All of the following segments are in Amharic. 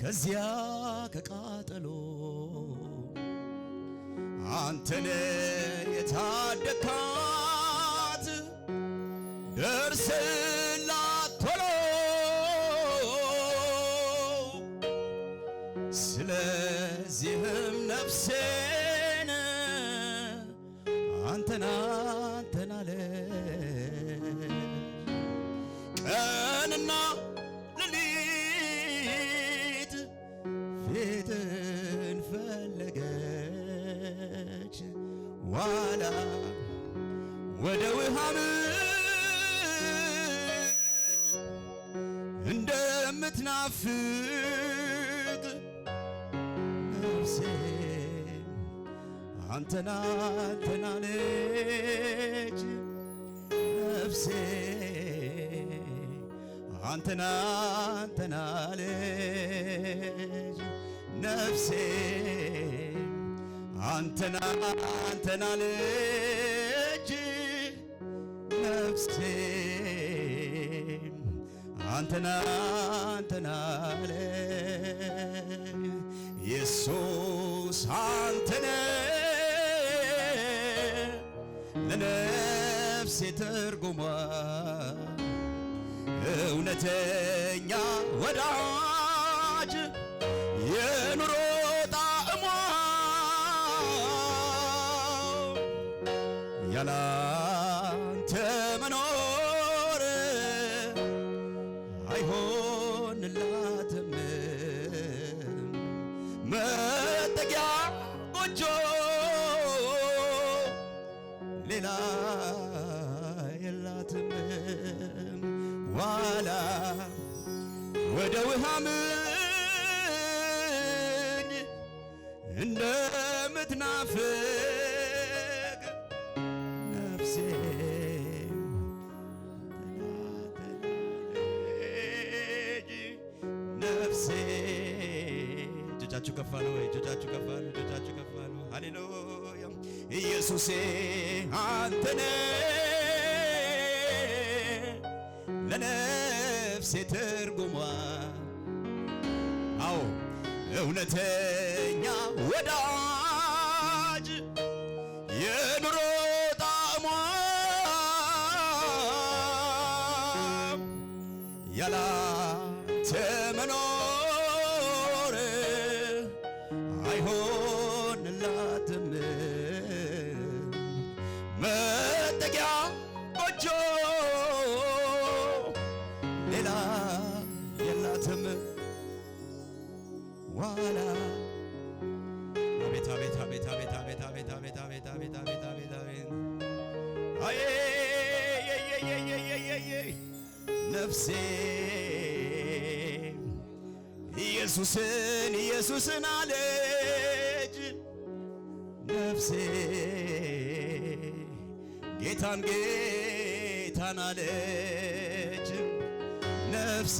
ከዚያ ከቃጠሎ አንተን የታደካት ደርሰ አንተና አንተና ልጅ ነፍሴ አንተና አንተና ነፍሴ አንተና አንተና ነፍሴ አንተና አንተና ኢየሱስ የነፍሴ ትርጉሟ እውነተኛ ወዳጅ የኑሮ ጣዕሟ ያላ ኢየሱሴ አንተነ ለነፍሴ ትርጉሟ አዎ እውነተኛ ወዳ ጊዜ ኢየሱስን ኢየሱስን አለች ነፍሴ ጌታን ጌታን አለች ነፍሴ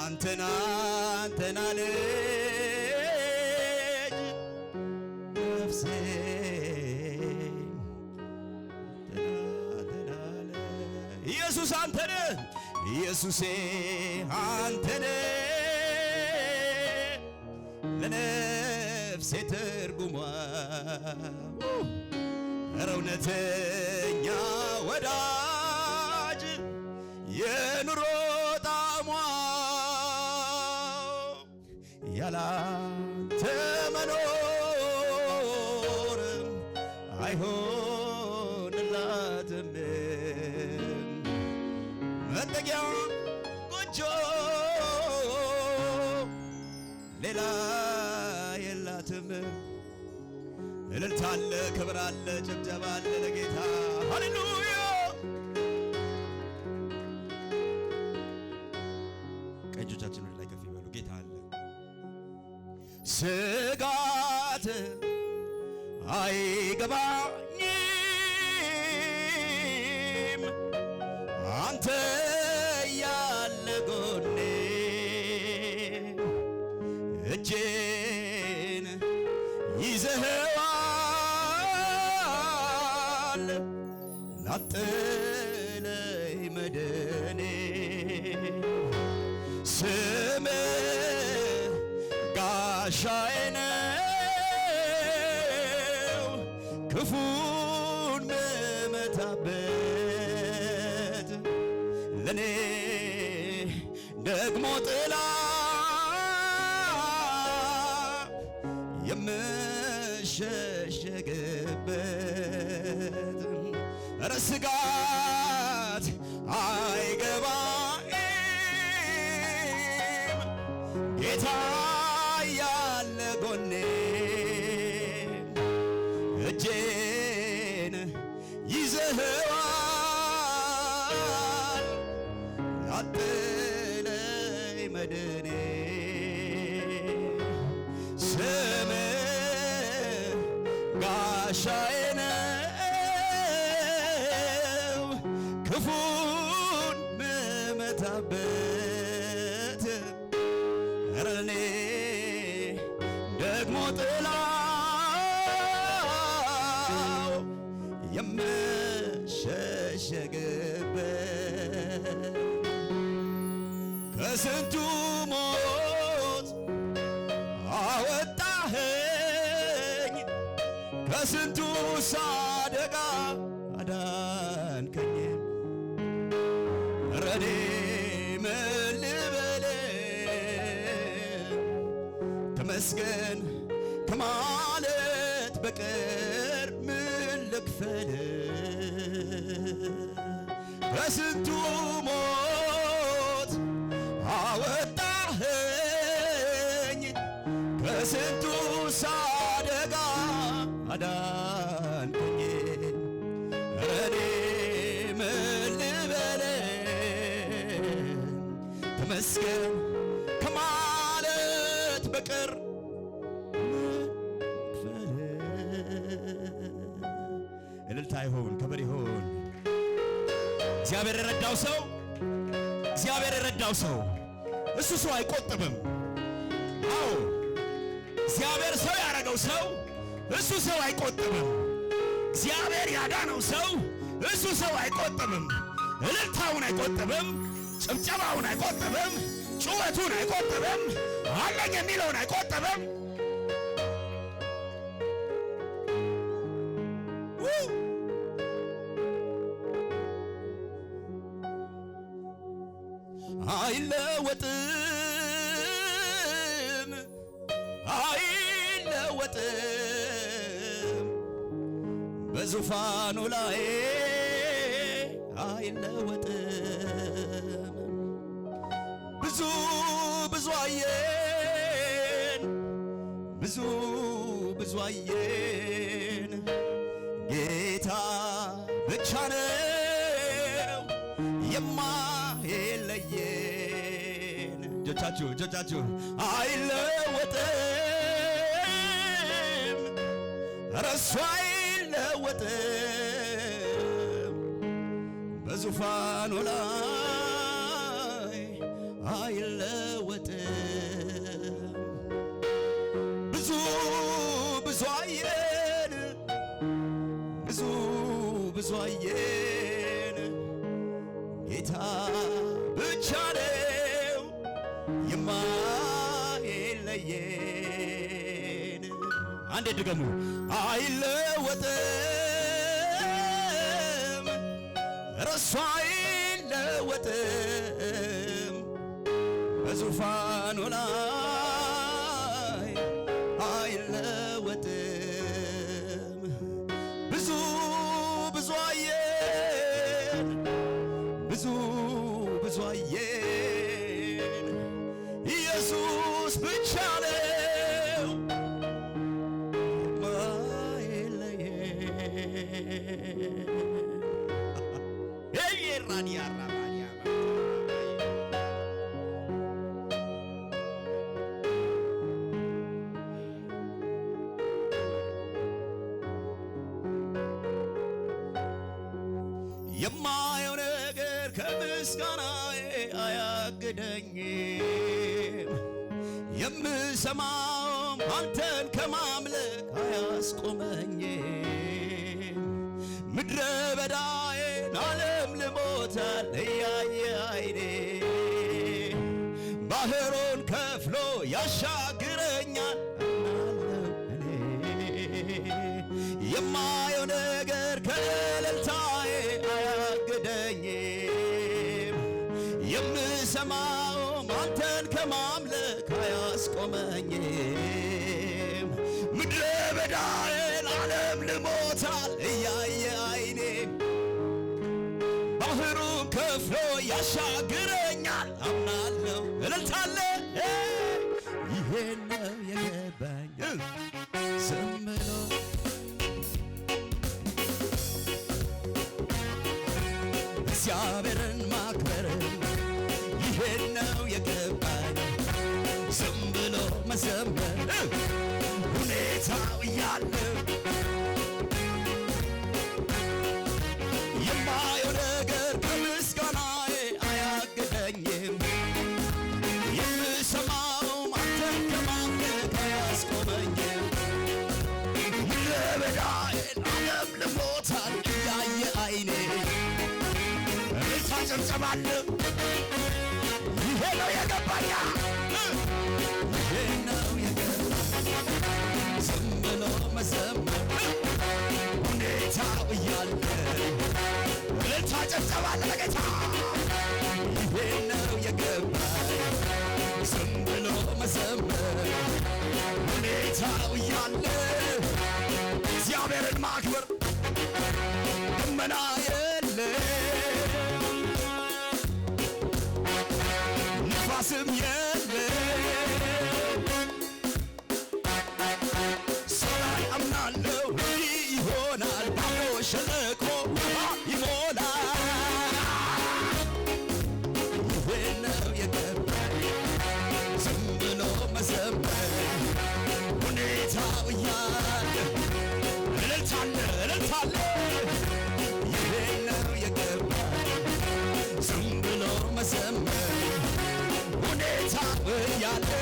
አንተን አንተን አለች ኢየሱስ አንተ ነህ ኢየሱሴ አንተ ነህ ለነፍሴ ትርጉሟ እውነተኛ ወዳጅ የኑሮ ጣዕሟ ያላንተ መኖር አይሆንላትም መጠጊያ ጎጆ ሌላ የላትም። እልልታ አለ፣ ክብር አለ፣ ጭብጨባ አለ ለጌታ ሃሌሉያ። ቀኝ እጆቻችን ወደ ላይ ከፍ ይበሉ። ጌታ አለ። ስጋት አይገባ shy Shine. በስንቱ ሞት አወጣኸኝ በስንቱ ሳደጋ አዳንከኝ እኔ ምን ልበል ተመስገን ከማለት በቀር እልልታ አይሆን ከበሬ እግዚአብሔር የረዳው ሰው እግዚአብሔር የረዳው ሰው እሱ ሰው አይቆጥብም። አዎ እግዚአብሔር ሰው ያረገው ሰው እሱ ሰው አይቆጥብም። እግዚአብሔር ያዳነው ሰው እሱ ሰው አይቆጥብም። እልልታውን አይቆጥብም። ጭብጨባውን አይቆጥብም። ጩኸቱን አይቆጥብም። አለኝ የሚለውን አይቆጥብም። ዙፋኑ ላይ አይለወጥም። ብዙ ብዙ አየን፣ ብዙ ብዙ አየን። ጌታ ብቻ ነው የማይለየን። እጆቻችሁ እጆቻችሁ አይለወጥም ረሷይ አይለወጥም በዙፋኑ ላይ አይለወጥም። ብዙ ብዙ አየን ብዙ ብዙ አየን ጌታ ብቻ ነው የማይለየን። አንዴ ድገሙ አይለወጥም እርሷ አይለወጥም በዙፋኑ ላይ አይለወጥም። ብዙ ብዙ አየ ብዙ ብዙ አየን ኢየሱስ ብቻ አልሰማም አንተን ከማምለክ አያስቆመኝ ምድረ በዳዬን ዓለም ልሞታል እያየ አይኔ ባህሮን ከፍሎ ያሻግረኛል የማየው ነገር ከ ይፈጸማል። ይሄ ነው የገባኛ ይሄ ነው ዝም ብሎ መዘመር ሁኔታ እያለ እልልታ ጨብጨባ ለጌታ yeah got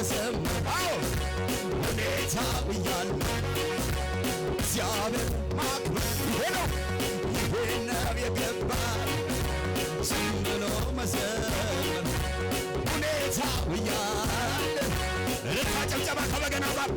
መሰመር አዎ ሁኔታ ብያለሁ እግዚአብሔር ማክበር ይሄ ነው ይሄ ነው የገባ ዝም ብሎ መሰመር ሁኔታ ብያለሁ ርታ ጨብጨባ ከበገና ጋር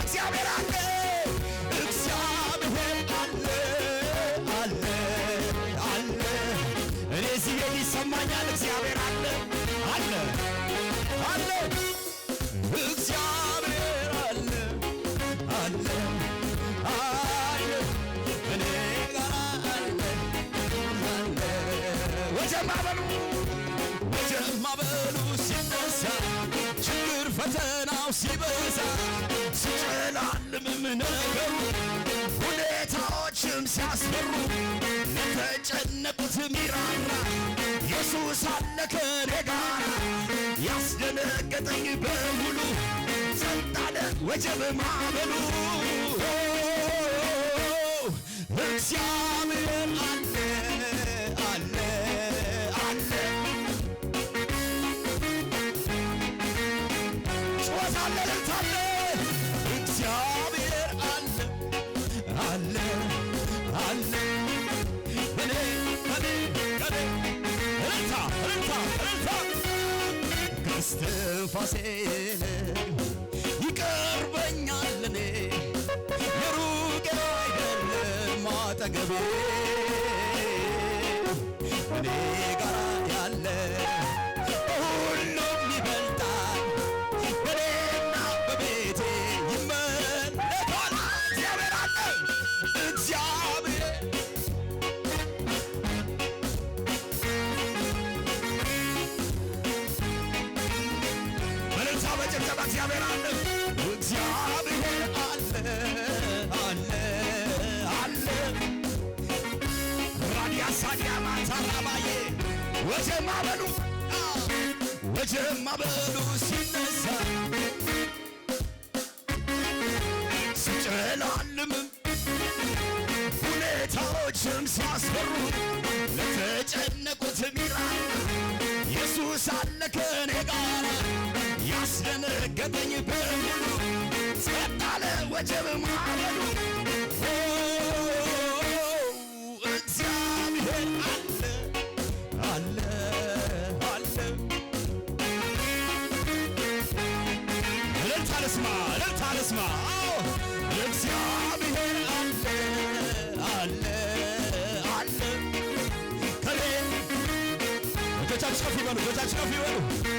እግዚአብሔር አለ፣ እግዚአብሔር አለ አለ አለ። እኔ እዚህ ይሰማኛል። እግዚአብሔር አለ አለ አለ። እግዚአብሔር አለ አለ አለ። እኔ ጋር አለ አለ። ወጀማ በሉ ወጀማ በሉ ሲነሳ ችግር ፈተናው ሲበዛ ነበሩ ሁኔታዎችም ሲያስፈሩ ለተጨነቁት ሚራራ ኢየሱስ አለ ከኔ ጋር ያስደነገጠኝ በሙሉ ጸጥ ወጀብ ማበሉ። እግዚአብሔር እስትንፋሴን ይቀርበኛል እኔ የሩቅ አይደለም አጠገቤ እኔ እግዚአብሔር አለ፣ እግዚአብሔር አለ አለ አለ ራዲያ ሳዲያ ማታራባዬ ወጀማ በሉ ወጀማ በሉ ወጀብ ማለሉ እግዚአብሔር አለ አለ አለ እልልታ ልስማ እልልታ ልስማ እግዚአብሔር አለ አለ አለ ከሌ ከፍ ይበሉ እጆቻችሁ ከፍ ይበሉ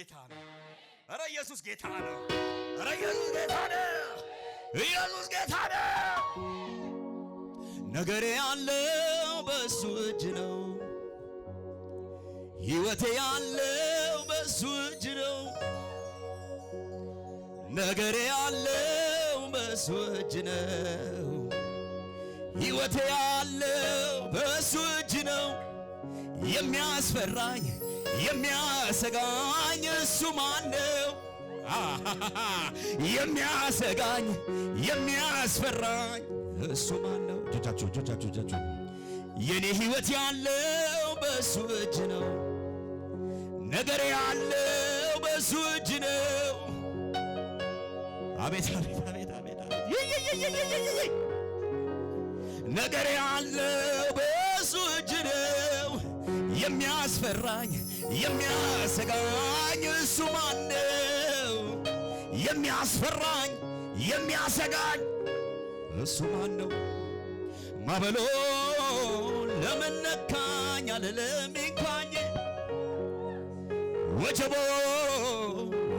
ጌታ ነው። ኧረ ኢየሱስ ጌታ ነው። ኧረ ኢየሱስ ጌታ ነው። ኢየሱስ ጌታ ነው። ነገሬ ያለው በሱ እጅ ነው። ሕይወቴ ያለው በሱ እጅ ነው። ነገሬ ያለው በሱ እጅ ነው። ሕይወቴ ያለው በሱ እጅ ነው። የሚያስፈራኝ የሚያሰጋኝ እሱ ማነው? የሚያሰጋኝ የሚያስፈራኝ እሱ ማነው? እጆቻችሁ እጆቻችሁ እጆቻችሁ የኔ ሕይወት ያለው በእሱ እጅ ነው። ነገር ያለው በእሱ እጅ ነው። አቤት አቤት አቤት አቤት ነገር ያለው በእሱ እጅ ነው። የሚያስፈራኝ የሚያሰጋኝ እሱ ማነው? የሚያስፈራኝ የሚያሰጋኝ እሱ ማነው? ማበሎ ለመነካኝ ነካኝ ወጀቦ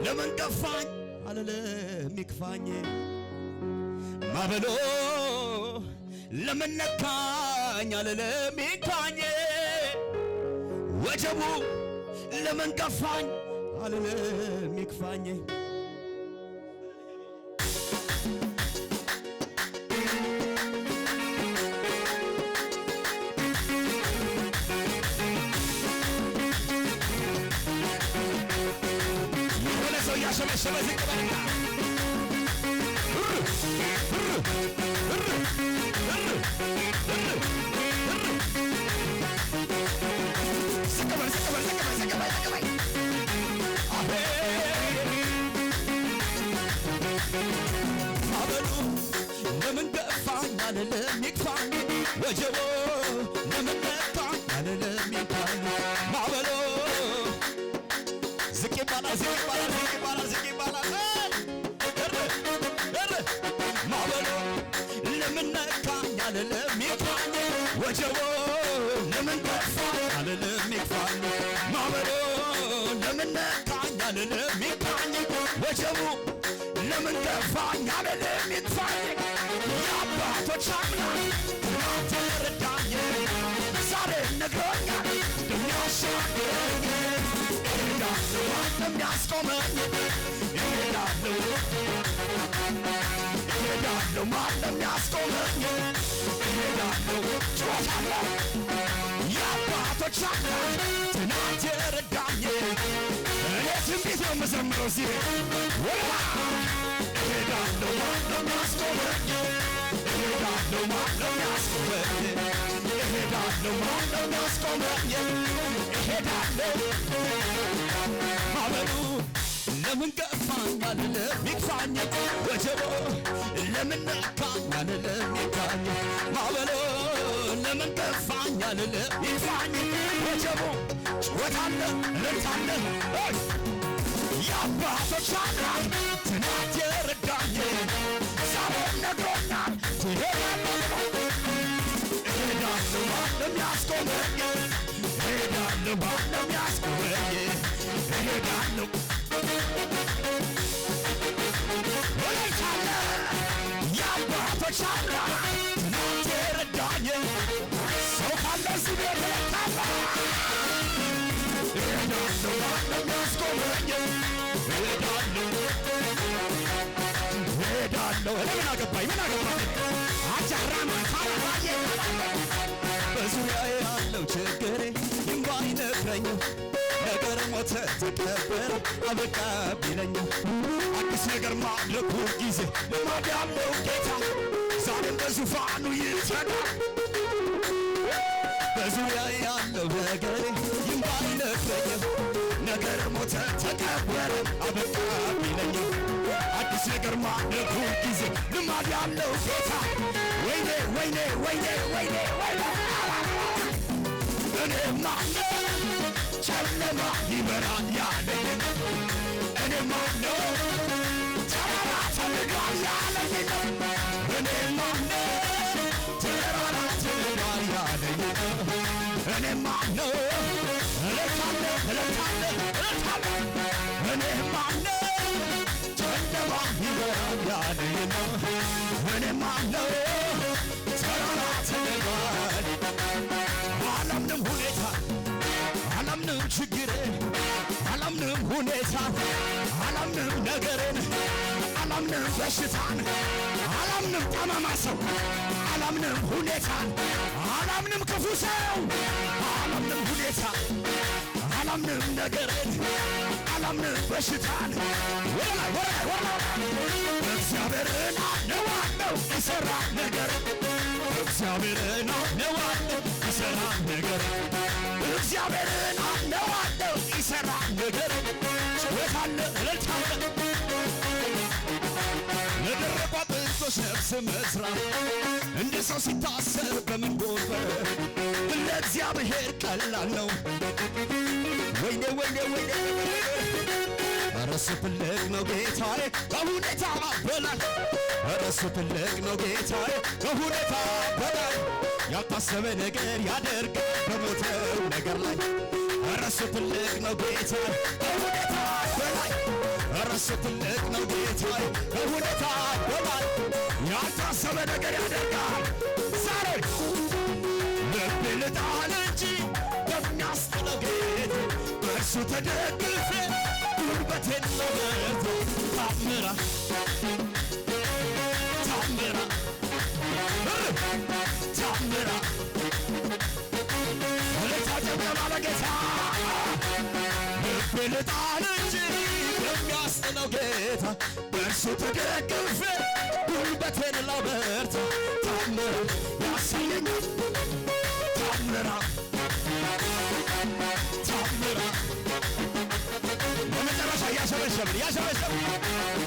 ለመንቀፋኝ አለለሚክፋኝ ማበሎ ለመነካኝ ነካኝ ወጀቡ ለምን ከፋኝ አልልም ይክፋኝ የሆነ ሰው እያሸበሸበ ዝቅ በልና ወጀቦ ለመነታ አለለሚታሉ ማበሎ ዝቅ ይባላል ዝቅ ይባላል ዝቅ ይባላል ዝቅ ይባላል ማበሎ ለምነካ ያለለሚታ ወጀቦ ለምን ጠፋ አለለሚፋሉ ማበሎ ለምነካ ያለለሚታኝ ወጀቡ ለምን ጠፋኝ አለለሚታኝ የአባቶች አምላክ ማንም ያስቆመኝ ይሄዳለሁ ይሄዳለሁ ማንም ያስቆመኝ ይሄዳለሁ ጮታለሁ የአባቶች አምላክ ትናንት የረዳኝ እኔ ትንቢት ነው የምዘምረው እዚህ ወላ ማንም ያስቆመኝ እሄዳለሁ ማንም ያስቆመኝ እሄዳለሁ ማንም ያስቆመኝ እሄዳለሁ ለምን ከፋኝ አልለ ሚክፋኝ ወጀቦ ለምን ነካኝ አልለ ሚካኝ ማበሎ ለምን ከፋኝ አልለ ሚፋኝ ወጀቦ ጭወታለ ለታለ ያባቶቻና እሄዳለሁ። ወላይታ አለ ያለው ችግሬ ሞተ ተቀበረ አበቃ ቢለኛ አዲስ ነገር ማድረጉ ጊዜ ልማድ ያለው ጌታ ዛሬም በዙፋኑ ይጸናል። በዙሪያ ያለው ነገር ይምባ አይነግረኝም። ነገር ሞተ ተቀበረ አበቃ ቢለኛ አዲስ ነገር ማድረጉ ጊዜ ልማድ ያለው ጌታ ወይኔ ወይኔ ወይኔ ወይኔ ወይኔ እኔማ ጨለማ ይበራል ያለኝ እኔ ማነው? ተራራ ፈልጓል ያለኝ እኔ ማነው? ተራራ ፈልጓል ያለኝ እኔ ማነው? እለታለ እለታለ እለታለ እኔ ማነው? ጨለማ ይበራል ያለኝ እኔ ማነው? ነገርን አላምንም፣ በሽታን አላምንም፣ ጠማማ ሰው አላምንም፣ ሁኔታን አላምንም፣ ክፉ ሰው አላምንም፣ ሁኔታ አላምንም፣ ነገርን አላምንም፣ በሽታን ወላ ወላ ወላ እግዚአብሔርን አምነዋለሁ እሰራ ነገር እግዚአብሔርን አምነዋለሁ ይሰራ ነገር እግዚአብሔርን አምነዋለሁ ይሰራ ነገር አለ፣ እልልታ አለ። ለደረቋ ጥንሶች ነፍስ መስራት እንደ ሰው ሲታሰር በምን ጎንበር ለእግዚአብሔር ቀላል ነው። ወይኔ ወይኔ ወይኔ ኧረ ስፈልግ ነው ጌታዬ ከሁኔታ በላይ ኧረ ስፈልግ ነው ጌታዬ ከሁኔታ በላይ ያልታሰበ ነገር ያደርጋል በሞተው ነገር ላይ እረሱ ትልቅ ነው ጌታ በሁኔታ በላይ እረሱ ትልቅ ነው ጌታ በሁኔታ በላይ ያልታሰበ ነገር ያደርጋል። ዛሬ ልብ ልጣል እንጂ በሚያስጥለው ጌታ በእርሱ ተደግፌ ጉልበቴን ነው ታምራ ጌታ በእርሱ ተደገፈ ጉልበቴን ላበርታ ታምር ያሳየኛል ታምራ ታምራ በመጨረሻ እያሸበሸብን እያሸበሸብን